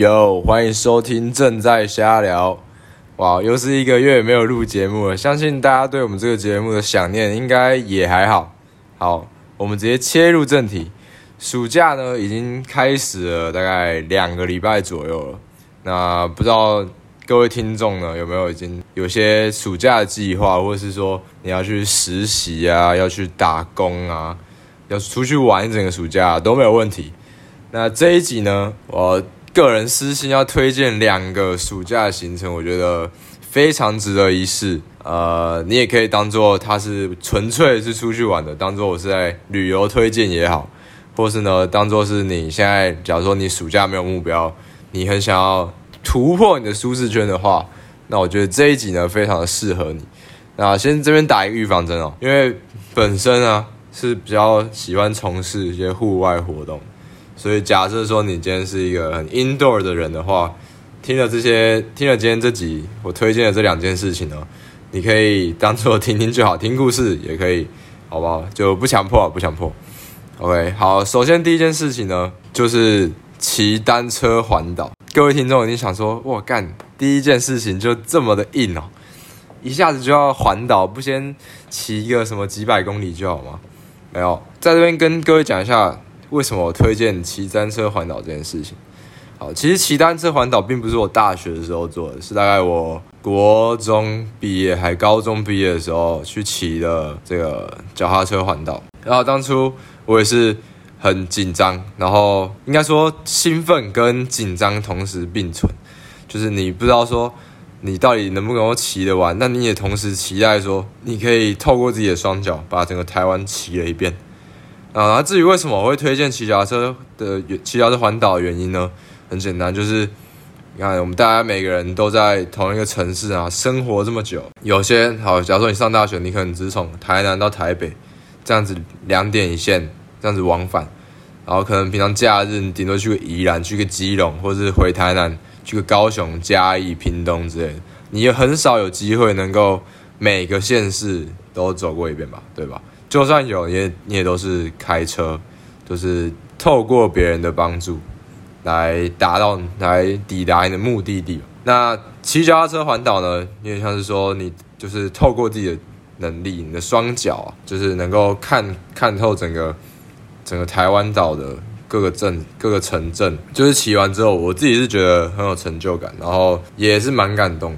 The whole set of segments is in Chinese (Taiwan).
有歡迎收聽正在瞎聊，哇，wow，又是一個月也沒有錄節目了，相信大家對我們這個節目的想念應該也還好。好，我們直接切入正題，暑假呢已經開始了大概兩個禮拜左右了。那不知道各位聽眾呢有沒有已經有些暑假計劃，或是說你要去實習啊，要去打工啊，要出去玩一整個暑假啊，都沒有問題。那這一集呢，我個人私心要推薦兩個暑假的行程，我覺得非常值得一試。呃，你也可以當做它是純粹是出去玩的，當做我是在旅遊推薦也好，或是呢，當做是你現在假如說你暑假沒有目標，你很想要突破你的舒適圈的話，那我覺得這一集呢非常的適合你。那先這邊打一個預防針哦，因為本身呢是比較喜歡從事一些戶外活動。所以，假設說你今天是一個很 indoor 的人的話，聽了這些，聽了今天這集我推薦的這兩件事情呢，你可以當做聽聽就好，聽故事也可以，好不好？就不強迫，不強迫。OK，好，首先第一件事情呢，就是騎單車環島。各位聽眾已經想說，哇幹，第一件事情就這麼的硬哦，一下子就要環島，不先騎一個什麼幾百公里就好嗎？沒有，在這邊跟各位講一下。為什麼我推薦騎單車環島這件事情？好，其實騎單車環島並不是我大學的時候做的，是大概我國中畢業還高中畢業的時候去騎的這個腳踏車環島。然後當初我也是很緊張，然後應該說興奮跟緊張同時並存，就是你不知道說你到底能不能夠騎得完，那你也同時期待說你可以透過自己的雙腳把整個台灣騎了一遍。啊，至於為什麼我會推薦騎腳踏車的騎腳踏車環島的原因呢？很簡單，就是你看我們大家每個人都在同一個城市啊生活這麼久，有些好，假如說你上大學，你可能只從台南到台北這樣子兩點一線這樣子往返，然後可能平常假日你頂多去個宜蘭，去個基隆，或是回台南去個高雄、嘉義、屏東之類的，你也很少有機會能夠每個縣市都走過一遍吧，對吧？就算有，你也你也都是開車，就是透過別人的幫助來達到、來抵達你的目的地。那騎腳踏車環島呢？你也像是說，你就是透過自己的能力，你的雙腳、啊、就是能夠看看透整個整個台灣島的各個鎮、各個城鎮。就是騎完之後，我自己是覺得很有成就感，然後也是蠻感動。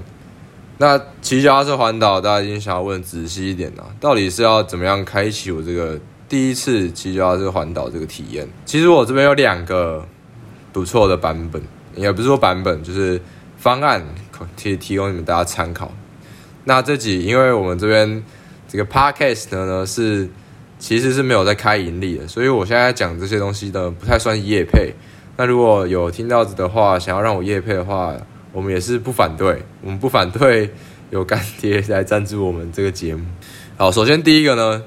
那騎腳踏車環島，大家已經想要問仔細一點了，到底是要怎麼樣開啟我這個第一次騎腳踏車環島這個體驗？其實我這邊有兩個不錯的版本，也不是說版本，就是方案提提供你們大家參考。那這集因為我們這邊這個 podcast 呢是其實是沒有在開盈利的，所以我現在講這些東西呢不太算業配。那如果有聽到子的話，想要讓我業配的話。我們也是不反對，我們不反對有乾爹來贊助我們這個節目。好，首先第一個呢，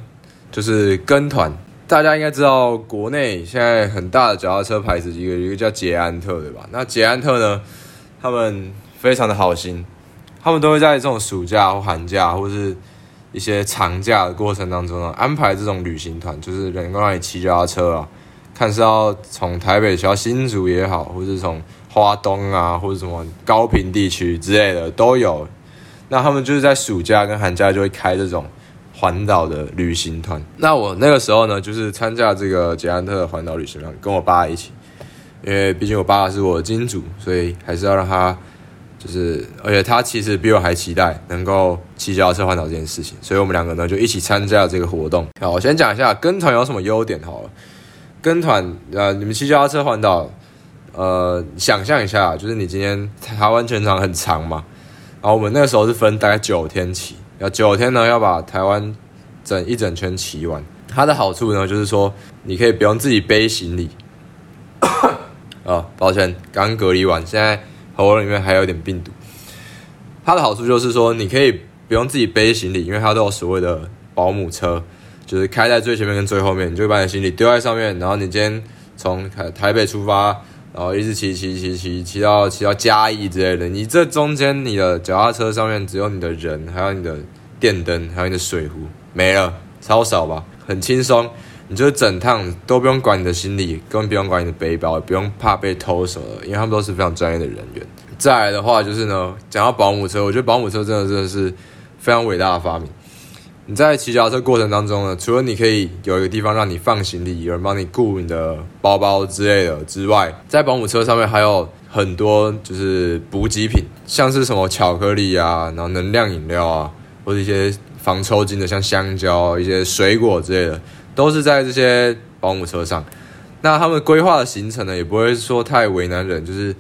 就是跟團。大家應該知道，國內現在很大的腳踏車牌子，一個一個叫捷安特，對吧？那捷安特呢，他們非常的好心，他們都會在這種暑假或寒假或是一些長假的過程當中呢，安排這種旅行團，就是能夠讓你騎腳踏車啊，看是要從台北騎到新竹也好，或是從花東啊，或者什麼高屏地區之類的都有，那他們就是在暑假跟寒假就會開這種環島的旅行團。那我那個時候呢，就是參加這個捷安特環島旅行團，跟我爸一起，因為畢竟我爸是我的金主，所以還是要讓他就是，而且他其實比我還期待能夠騎腳踏車環島這件事情，所以我們兩個呢就一起參加了這個活動。好，我先講一下跟團有什麼優點好了，跟團呃，你們騎腳踏車環島。呃，想象一下，就是你今天台灣全長很長嘛，然後我們那個時候是分大概九天騎，要九天呢要把台灣整一整圈騎完。它的好處呢就是說，你可以不用自己背行李。啊、 呃，抱歉，剛隔離完，現在喉嚨裡面還有點病毒。它的好處就是說，你可以不用自己背行李，因為它都有所謂的保姆車，就是開在最前面跟最後面，你就把你的行李丟在上面，然後你今天從台北出發。然後一直騎騎騎騎騎到騎到嘉義之類的，你這中間你的腳踏車上面只有你的人，還有你的電燈，還有你的水壺，沒了，超少吧，很輕鬆，你就整趟都不用管你的行李，更不用管你的背包，也不用怕被偷什麼的，因為他們都是非常專業的人員。再來的話就是呢，講到保姆車，我覺得保姆車真的真的是非常偉大的發明。你在騎腳踏車過程當中呢，除了你可以有一個地方讓你放行李，有人幫你顧你的包包之類的之外，在保姆車上面還有很多就是補給品，像是什麼巧克力啊，然後能量飲料啊，或者一些防抽筋的，像香蕉、一些水果之類的，都是在這些保姆車上。那他們規劃的行程呢，也不會說太為難人，就是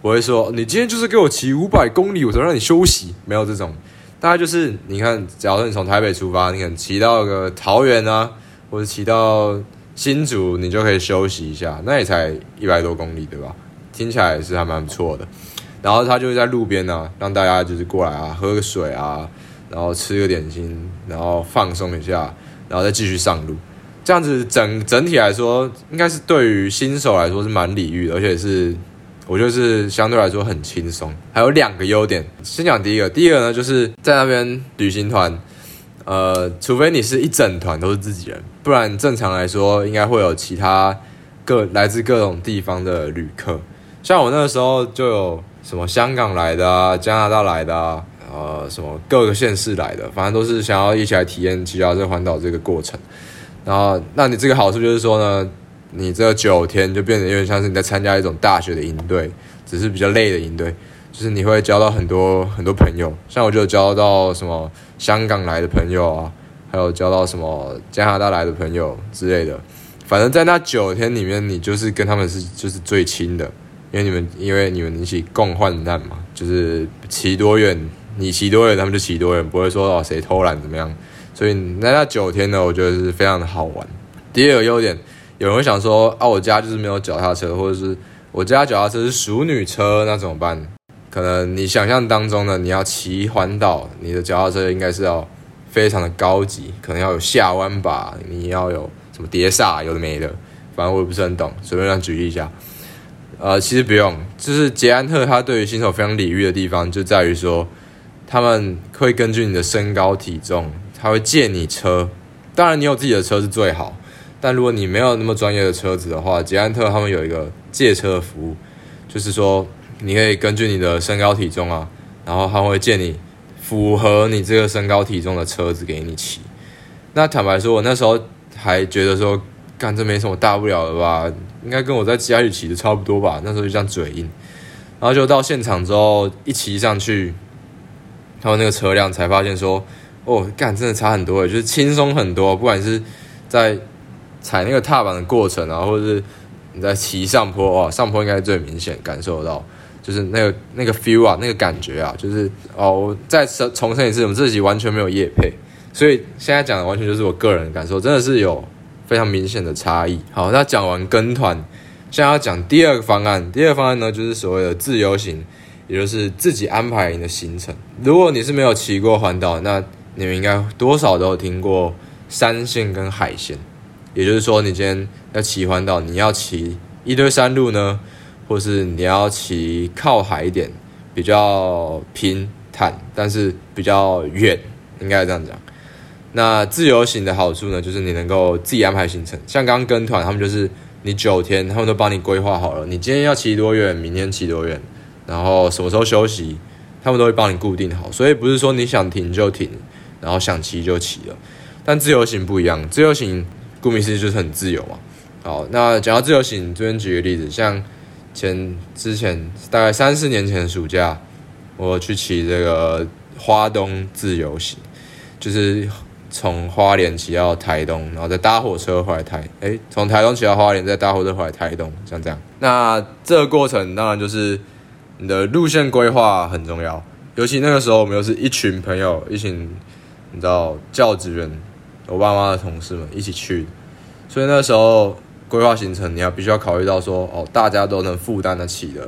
不會說你今天就是給我騎五百公里，我才讓你休息，沒有這種。大概就是，你看，假如你從台北出發，你可能騎到個桃園啊，或者騎到新竹，你就可以休息一下，那也才一百多公里，對吧？聽起來也是還蠻不錯的。然後他就會在路邊呢、啊，讓大家就是過來啊，喝個水啊，然後吃個點心，然後放鬆一下，然後再繼續上路。這樣子整整體來說，應該是對於新手來說是蠻禮遇的，而且是。我就是相對來說很輕鬆，還有兩個優點。先講第一個，第一個呢，就是在那邊旅行團，呃，除非你是一整團都是自己人，不然正常來說應該會有其他各來自各種地方的旅客。像我那個時候就有什麼香港來的啊，加拿大來的啊，呃，什麼各個縣市來的，反正都是想要一起來體驗騎啊這環島這個過程。然後，那你這個好處就是說呢。你這九天就變得有點像是你在參加一種大學的營隊，只是比較累的營隊。就是你會交到很多很多朋友，像我就交到什麼香港來的朋友啊，還有交到什麼加拿大來的朋友之類的。反正在那九天裡面，你就是跟他們是就是最親的，因為你們因為你們一起共患難嘛，就是騎多遠你騎多遠，他們就騎多遠，不會說誰偷懶怎麼樣。所以那那九天呢，我覺得是非常的好玩。第二個優點，有人會想說啊，我家就是沒有腳踏車，或者是我家腳踏車是淑女車，那怎麼辦？可能你想象當中呢，你要騎環島，你的腳踏車應該是要非常的高級，可能要有下彎把，你要有什麼碟剎，有的沒的，反正我也不是很懂，隨便亂舉例一下。呃，其實不用，就是捷安特它對於新手非常禮遇的地方就在於說，他們會根據你的身高體重，他會借你車，當然你有自己的車是最好。但如果你沒有那麼專業的車子的話，捷安特他們有一個借車服務，就是說你可以根據你的身高體重啊，然後他們會借你符合你這個身高體重的車子給你騎。那坦白說，我那時候還覺得說，幹這沒什麼大不了的吧，應該跟我在家裡騎的差不多吧。那時候就這樣嘴硬，然後就到現場之後一騎上去，他們那個車輛才發現說，哦，幹真的差很多，就是輕鬆很多，不管是在。踩那個踏板的過程啊，或者是你在騎上坡啊，哦，上坡應該最明顯感受到，就是那個那個 feel 啊，那個感覺啊，就是哦，我再重申一次，我們自己完全沒有業配，所以現在講的完全就是我個人的感受，真的是有非常明顯的差異。好，那講完跟團，現在要講第二個方案，第二個方案呢，就是所謂的自由行，也就是自己安排你的行程。如果你是沒有騎過環島，那你們應該多少都有聽過山線跟海線。也就是說，你今天要騎環島，你要騎一堆山路呢，或是你要騎靠海一點，比較平坦，但是比較遠，應該這樣講。那自由行的好處呢，就是你能夠自己安排行程，像剛剛跟團，他們就是你九天，他們都幫你規劃好了，你今天要騎多遠，明天騎多遠，然後什麼時候休息，他們都會幫你固定好。所以不是說你想停就停，然後想騎就騎了。但自由行不一樣，自由行。顧名思義就是很自由嘛。好，那講到自由行，這邊舉個例子，像前之前大概三四年前的暑假，我去騎這個花東自由行，就是從花蓮騎到台東，然後再搭火車回來台。誒、欸，從台東騎到花蓮，再搭火車回來台東，像這樣。那這個過程當然就是你的路線規劃很重要，尤其那個時候我們又是一群朋友，一群你知道教職員。我爸媽的同事們一起去，所以那時候規劃行程，你要必須要考慮到說，哦，大家都能負擔得起的、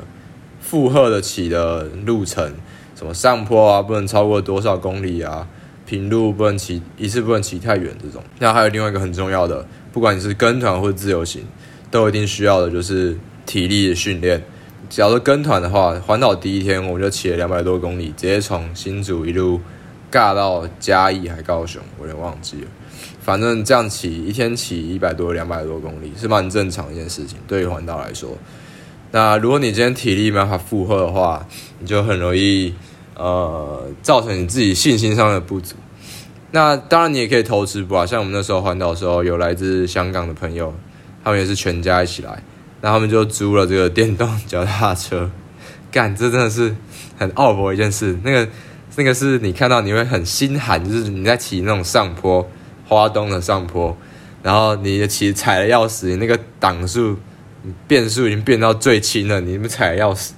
負荷得起的路程，什麼上坡啊，不能超過多少公里啊，平路不能騎一次，不能騎太遠這種。那還有另外一個很重要的，不管你是跟團或者自由行，都一定需要的就是體力的訓練。假如跟團的話，環島第一天我們就騎了兩百多公里，直接從新竹一路。尬到嘉義還高雄，我有點忘記了。反正這樣騎一天騎一百多兩百多公里是蠻正常的一件事情，對於環島來說。那如果你今天體力沒有辦法負荷的話，你就很容易呃造成你自己信心上的不足。那當然你也可以偷吃步啊，像我們那時候環島的時候，有來自香港的朋友，他們也是全家一起來，那他們就租了這個電動腳踏車，幹這真的是很奧步一件事，那個。那個是你看到你會很心寒，就是你在騎那種上坡，花東的上坡，然後你騎踩了要死，你那個檔數、你變速已經變到最輕了，你踩得要死，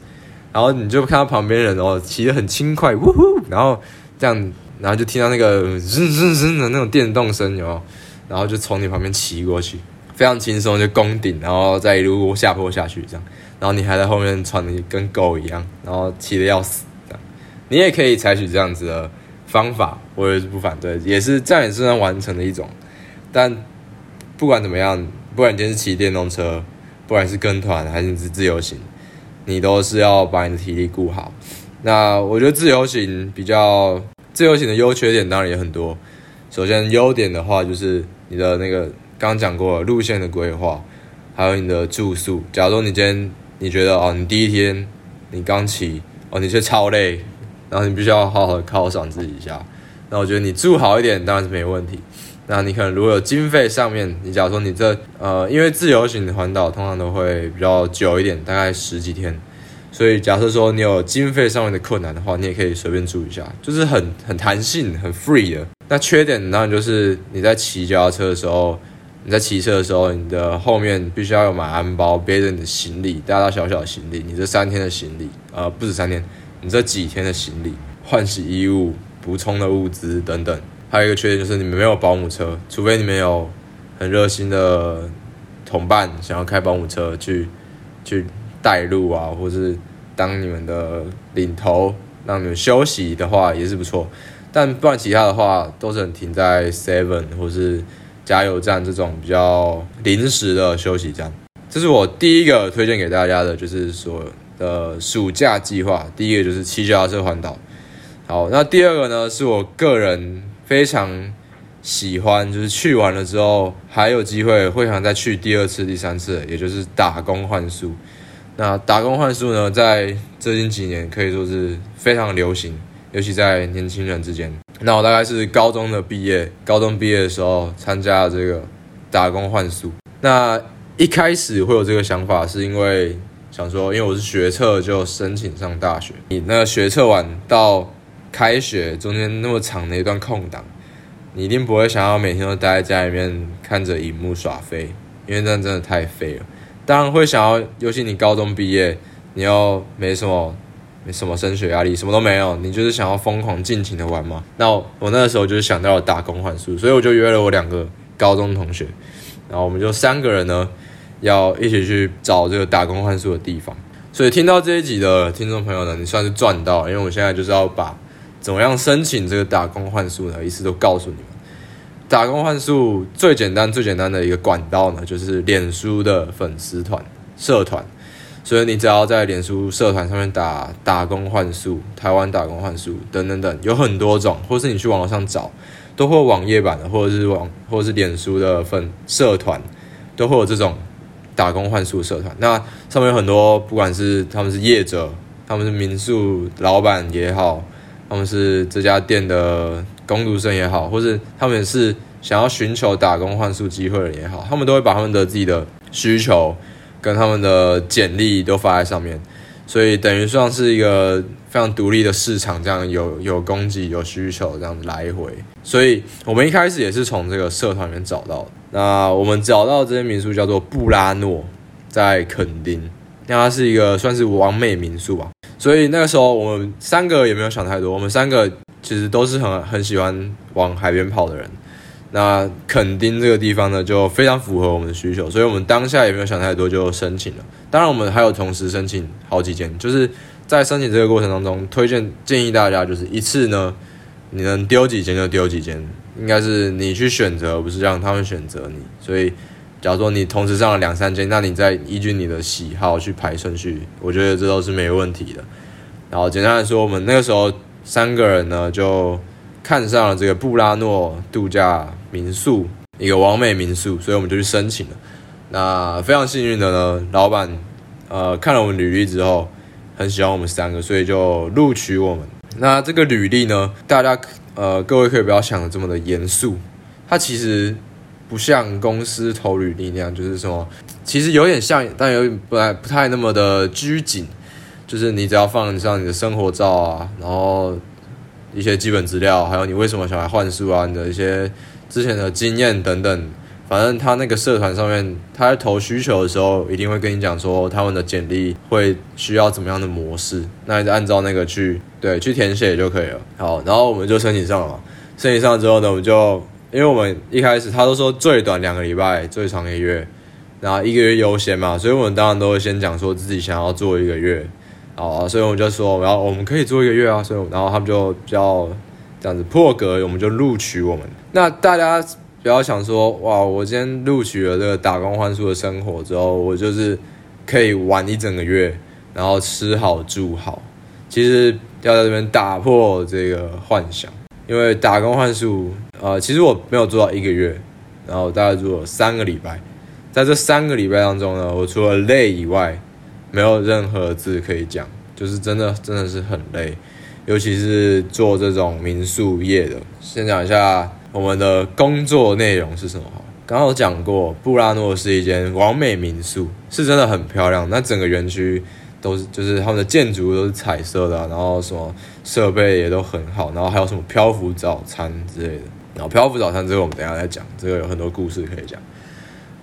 然後你就看到旁邊人哦，騎得很輕快，嗚呼，然後這樣，然後就聽到那個滋滋滋的那種電動聲，然後，然後就從你旁邊騎過去，非常輕鬆就攻頂，然後再一路下坡下去，這樣，然後你還在後面喘的跟狗一樣，然後騎的要死。你也可以採取這樣子的方法，我也是不反對，也是在你身上完成的一種。但不管怎麼樣，不管你今天是騎電動車，不管是跟團還是你是自由行，你都是要把你的體力顧好。那我覺得自由行比較自由行的優缺點當然也很多。首先優點的話，就是你的那個剛講過的路線的規劃，還有你的住宿。假如說你今天你覺得哦，你第一天你剛騎哦，你卻超累，然後你必須要好好犒賞自己一下。那我覺得你住好一點當然是沒問題。那你可能如果有經費上面，你假如說你這呃，因為自由行的環島通常都會比較久一點，大概十幾天，所以假設說你有經費上面的困難的話，你也可以隨便住一下，就是很很彈性、很 free 的。那缺點當然就是你在騎腳踏車的時候，你在騎車的時候，你的後面必須要有馬鞍包背着你的行李，大大小小的行李，你這三天的行李，呃，不止三天。你這幾天的行李、換洗衣物、補充的物資等等，還有一個缺點就是你們沒有保姆車，除非你們有很熱心的同伴想要開保姆車去去帶路啊，或是當你們的領頭讓你們休息的話也是不錯，但不然其他的話都是停在 Seven 或是加油站這種比較臨時的休息站。這是我第一個推薦給大家的，就是說。呃，暑假計劃第一個就是騎腳踏車環島。好，那第二個呢，是我個人非常喜歡，就是去完了之後還有機會會想再去第二次、第三次，也就是打工換宿。那打工換宿呢，在最近幾年可以說是非常流行，尤其在年輕人之間。那我大概是高中的畢業，高中畢業的時候參加了這個打工換宿。那一開始會有這個想法，是因為。想說，因為我是學測，就申請上大學。你那個學測完到開學中間那麼長的一段空檔，你一定不會想要每天都待在家裡面看着熒幕耍廢，因為那真的太廢了。當然會想要，尤其你高中畢業，你又沒什麼沒什麼升學壓力，什麼都沒有，你就是想要瘋狂盡情的玩嘛。那我,我那個時候就是想到了打工換宿，所以我就約了我兩個高中同學，然後我們就三個人呢。要一起去找這個打工換宿的地方，所以聽到這一集的聽眾朋友呢，你算是賺到，因為我現在就是要把怎麼樣申請這個打工換宿呢，一次都告訴你們。打工換宿最簡單、最簡單的一個管道呢，就是臉書的粉絲團社團，所以你只要在臉書社團上面打“打工換宿”、“台灣打工換宿”等等等，有很多種，或是你去網絡上找，都會有網頁版，或者是網，或者是臉書的粉社團都會有這種。打工換宿社團，那上面有很多，不管是他們是業者，他們是民宿老板也好，他們是這家店的工讀生也好，或是他們是想要尋求打工換宿機會的人也好，他們都會把他們的自己的需求跟他們的簡歷都發在上面，所以等於算是一個。非常獨立的市場，這樣有有供給有需求，這樣來回。所以，我們一開始也是從這個社團裡面找到。那我們找到這些民宿叫做布拉諾，在墾丁，那它是一個算是完美民宿吧。所以那個時候，我們三個也沒有想太多。我們三個其實都是很很喜歡往海邊跑的人。那墾丁這個地方呢，就非常符合我們的需求，所以我們當下也沒有想太多就申請了。當然，我們還有同時申請好幾間，就是。在申請這個過程當中，推薦建議大家就是一次呢，你能丟幾間就丟幾間，應該是你去選擇，不是讓他們選擇你。所以，假如說你同時上了兩三間，那你再依據你的喜好去排順序，我覺得這都是沒問題的。然後簡單來說，我們那個時候三個人呢，就看上了這個布拉諾度假民宿，一個網美民宿，所以我們就去申請了。那非常幸運的呢，老闆呃看了我們履歷之後。很喜歡我們三個，所以就錄取我們。那這個履歷呢，大家呃，各位可以不要想的這麼的嚴肅。它其實不像公司投履歷那樣，就是什麼，其實有點像，但有點不太不太那麼的拘謹。就是你只要放上你的生活照啊，然後一些基本資料，還有你為什麼想來換宿啊，你的一些之前的經驗等等。反正他那個社團上面，他在投需求的時候，一定會跟你講說他們的簡歷會需要怎麼樣的模式，那你就按照那個去對去填寫就可以了。好，然後我們就申請上了嘛。申請上之後呢，我們就因為我們一開始他都說最短兩個禮拜，最長一個月，然後一個月優先嘛，所以我們當然都會先講說自己想要做一個月。好啊，所以我們就說，然後我們可以做一個月啊。所以然後他們就比較這樣子破格，我們就錄取我們。那大家。不要想說，哇！我今天錄取了這個打工換宿的生活之後，我就是可以玩一整個月，然後吃好住好。其實要在這邊打破這個幻想，因為打工換宿，呃，其實我沒有做到一個月，然後大概做了三個禮拜，在這三個禮拜當中呢，我除了累以外，沒有任何字可以講，就是真的，真的是很累。尤其是做這種民宿業的，先講一下我們的工作內容是什麼？剛剛有講過，布拉諾是一間完美民宿，是真的很漂亮。那整個園區都是，就是他們的建築都是彩色的啊，然後什麼設備也都很好，然後還有什麼漂浮早餐之類的。然後漂浮早餐之後，我們等一下再講，這個有很多故事可以講。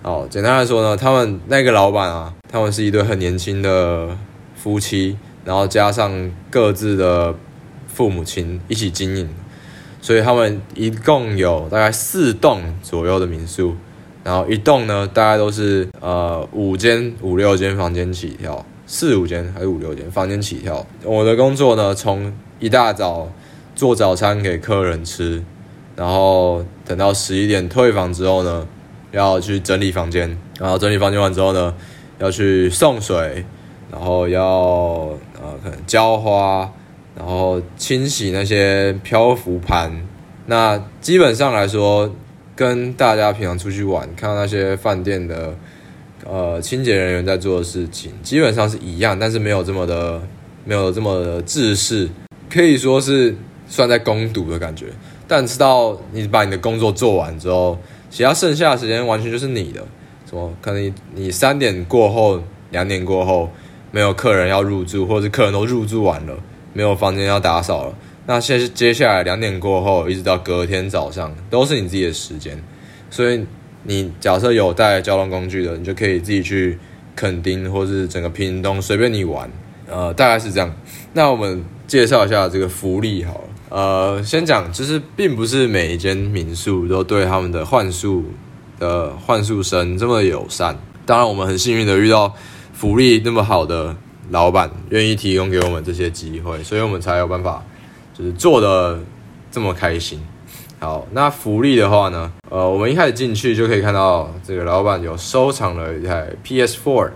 好，簡單來說呢，他們那個老闆啊，他們是一對很年輕的夫妻，然後加上各自的父母親一起經營，所以他們一共有大概四棟左右的民宿，然後一棟呢大概都是呃五間五六間房間起跳，四五間還是五六間房間起跳。我的工作呢，從一大早做早餐給客人吃，然後等到十一點退房之後呢，要去整理房間，然後整理房間完之後呢，要去送水，然後要呃可能澆花。然後清洗那些漂浮盤，那基本上來說，跟大家平常出去玩看到那些飯店的呃清潔人員在做的事情基本上是一樣，但是沒有這麼的沒有這麼的制式，可以說是算在工讀的感覺。但直到你把你的工作做完之後，其他剩下的時間完全就是你的，什麼可能你你三點過後、兩點過後沒有客人要入住，或者是客人都入住完了。沒有房間要打掃了。那現接下來兩點過後，一直到隔天早上，都是你自己的時間。所以你假設有帶交通工具的，你就可以自己去墾丁，或是整個屏東隨便你玩。呃，大概是這樣。那我們介紹一下這個福利好了。呃，先講就是並不是每一間民宿都對他們的換宿的換宿生這麼友善。當然我們很幸運的遇到福利那麼好的。老闆願意提供給我們這些機會，所以我們才有辦法，就是做的這麼開心。好，那福利的話呢？呃，我們一開始進去就可以看到，這個老闆有收藏了一台 PS4，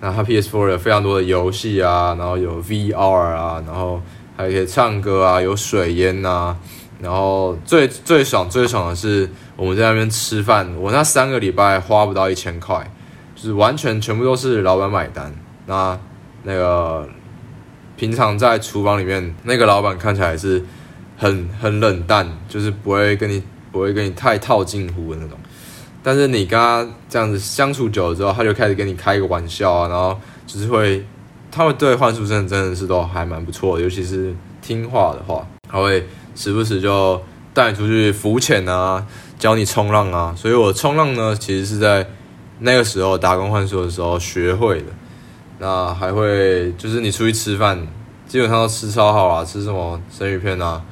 那他 PS4 有非常多的遊戲啊，然後有 VR 啊，然後還有一些唱歌啊，有水煙吶、啊，然後最最爽最爽的是我們在那邊吃飯，我那三個禮拜花不到一千塊，就是完全全部都是老闆買單。那那個平常在廚房裡面，那個老闆看起來是很很冷淡，就是不會跟你不會跟你太套近乎的那種。但是你跟他這樣子相處久了之後，他就開始跟你開一個玩笑啊，然後就是會，他會對換宿生真的是都還蠻不錯，尤其是聽話的話，他會時不時就帶你出去浮潛啊，教你衝浪啊。所以我衝浪呢，其實是在那個時候打工換宿的時候學會的。那還會就是你出去吃飯，基本上都吃超好啊，吃什麼生魚片啊，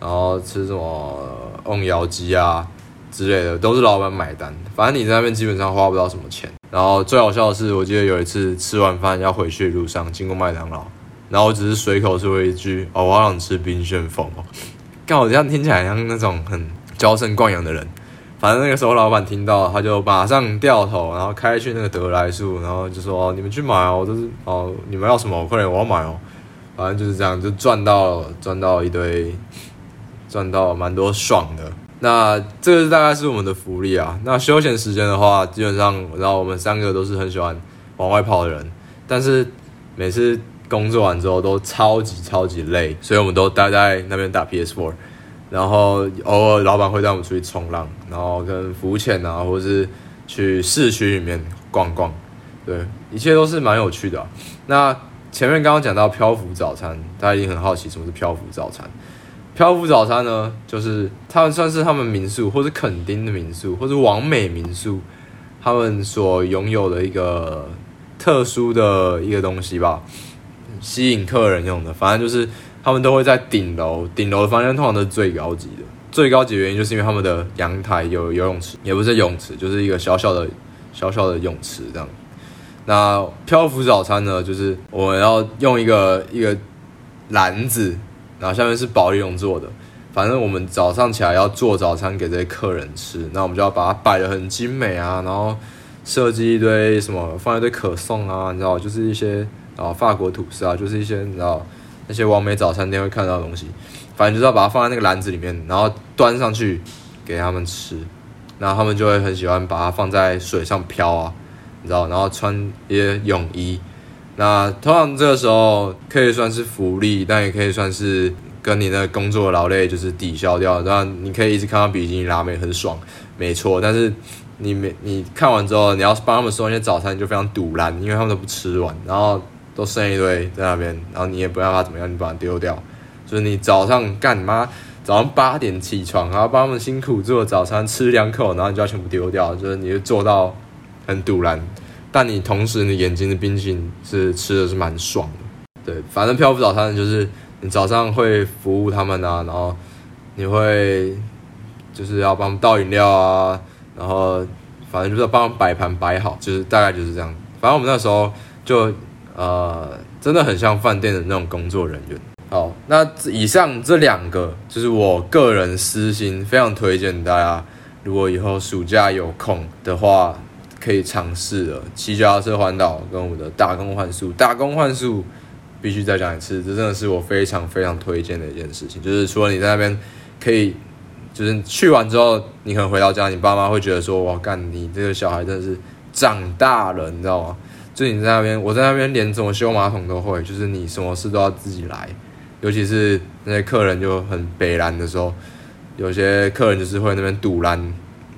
然後吃什麼甕窯雞啊之類的，都是老闆買單，反正你在那邊基本上花不到什麼錢。然後最好笑的是，我記得有一次吃完飯要回去的路上經過麥當勞，然後我只是隨口說一句哦，我想吃冰炫風哦，剛 好這樣聽起來像那種很嬌生慣養的人。反正那個時候老闆聽到，他就馬上掉頭，然後開去那個得來速，然後就說、哦：“你們去買哦，就是哦，你們要什麼快點，我要買哦。”反正就是這樣，就賺到賺到了一堆，賺到蠻多爽的。那這個大概是我們的福利啊。那休閒時間的話，基本上，然後我們三個都是很喜歡往外跑的人，但是每次工作完之後都超級超級累，所以我們都待在那邊打 PS Four。然後偶爾老闆會帶我們出去衝浪，然後跟浮潛啊，或者是去市區裡面逛逛，對，一切都是蠻有趣的啊。那前面剛剛講到漂浮早餐，大家一定很好奇什麼是漂浮早餐。漂浮早餐呢，就是他們算是他們民宿或者墾丁的民宿或者網美民宿，他們所擁有的一個特殊的一個東西吧，吸引客人用的，反正就是。他們都會在頂樓，頂樓的房間通常都是最高級的。最高級的原因就是因為他們的陽台有游泳池，也不是泳池，就是一個小小的小小的泳池這樣。那漂浮早餐呢，就是我們要用一個一個籃子，然後下面是保麗龍做的。反正我們早上起來要做早餐給這些客人吃，那我們就要把它擺得很精美啊，然後設計一堆什麼，放一堆可頌啊，你知道，就是一些啊法國吐司啊，就是一些你知道。一些網美早餐店會看到的東西，反正就是要把它放在那個籃子裡面，然後端上去給他們吃，然後他們就會很喜歡把它放在水上漂啊，你知道？然後穿一些泳衣，那通常這個時候可以算是福利，但也可以算是跟你的工作勞累就是抵消掉。然後你可以一直看到比基尼辣妹很爽，沒錯。但是你沒，你看完之後，你要幫他們收一些早餐就非常賭爛，因為他們都不吃完，然後。都剩一堆在那邊，然後你也不知道他怎麼樣，你把它丟掉。就是你早上幹嘛，早上八點起床，然後幫他們辛苦做早餐，吃兩口，然後你就要全部丟掉。就是你就做到很賭爛，但你同時你眼睛的冰淇淋是吃的是蠻爽的。對，反正漂浮早餐就是你早上會服務他們吶、啊，然後你會就是要幫他們倒飲料啊，然後反正就是要幫他們擺盤擺好，就是大概就是這樣。反正我們那時候就。啊、呃，真的很像飯店的那種工作人員。好，那以上這兩個就是我個人私心非常推薦大家，如果以後暑假有空的話，可以嘗試的。騎腳踏車環島跟我的打工換宿，打工換宿必須再講一次，這真的是我非常非常推薦的一件事情。就是說你在那邊可以，就是去完之後，你可能回到家，你爸媽會覺得說：“哇，幹你這個小孩真的是長大了，你知道嗎？”就你在那邊，我在那邊，連怎麼修馬桶都會。就是你什麼事都要自己來，尤其是那些客人就很北然的時候，有些客人就是會那邊堵攔，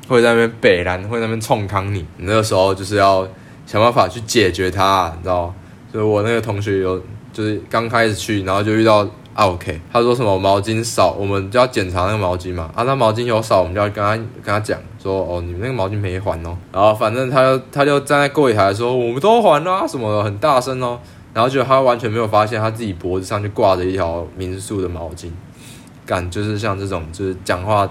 會在那邊北然，會在那邊衝康你。你那個時候就是要想辦法去解決它，你知道？所以我那個同學有就是剛開始去，然後就遇到。啊，OK，他說什麼毛巾少，我們就要檢查那個毛巾嘛。啊，那毛巾有少，我們就要跟他跟他講說，哦，你們那個毛巾沒還哦。然後反正他就他就站在櫃檯說，我們都還了、啊、什麼的，很大聲哦。然後就他完全沒有發現他自己脖子上就掛着一條民宿的毛巾。幹，就是像這種，就是講話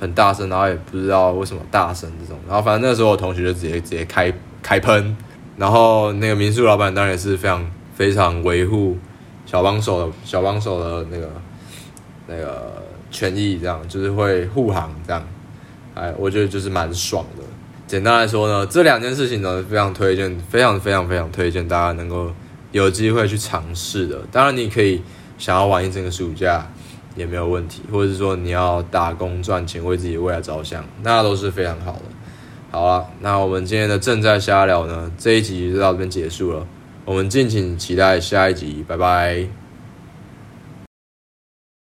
很大聲，然後也不知道為什麼大聲這種。然後反正那個時候我同學就直接直接開開噴，然後那個民宿老闆當然也是非常非常維護小幫手的，小幫手的那個那個權益，這樣就是會護航，這樣，哎，我覺得就是蠻爽的。簡單來說呢，這兩件事情呢，非常推薦，非常非常非常推薦大家能夠有機會去嘗試的。當然，你可以想要玩一整個暑假也沒有問題，或者是說你要打工賺錢，為自己未來着想，那都是非常好的。好啊，那我們今天的正在瞎聊呢，這一集就到這邊結束了。我們敬請期待下一集，拜拜。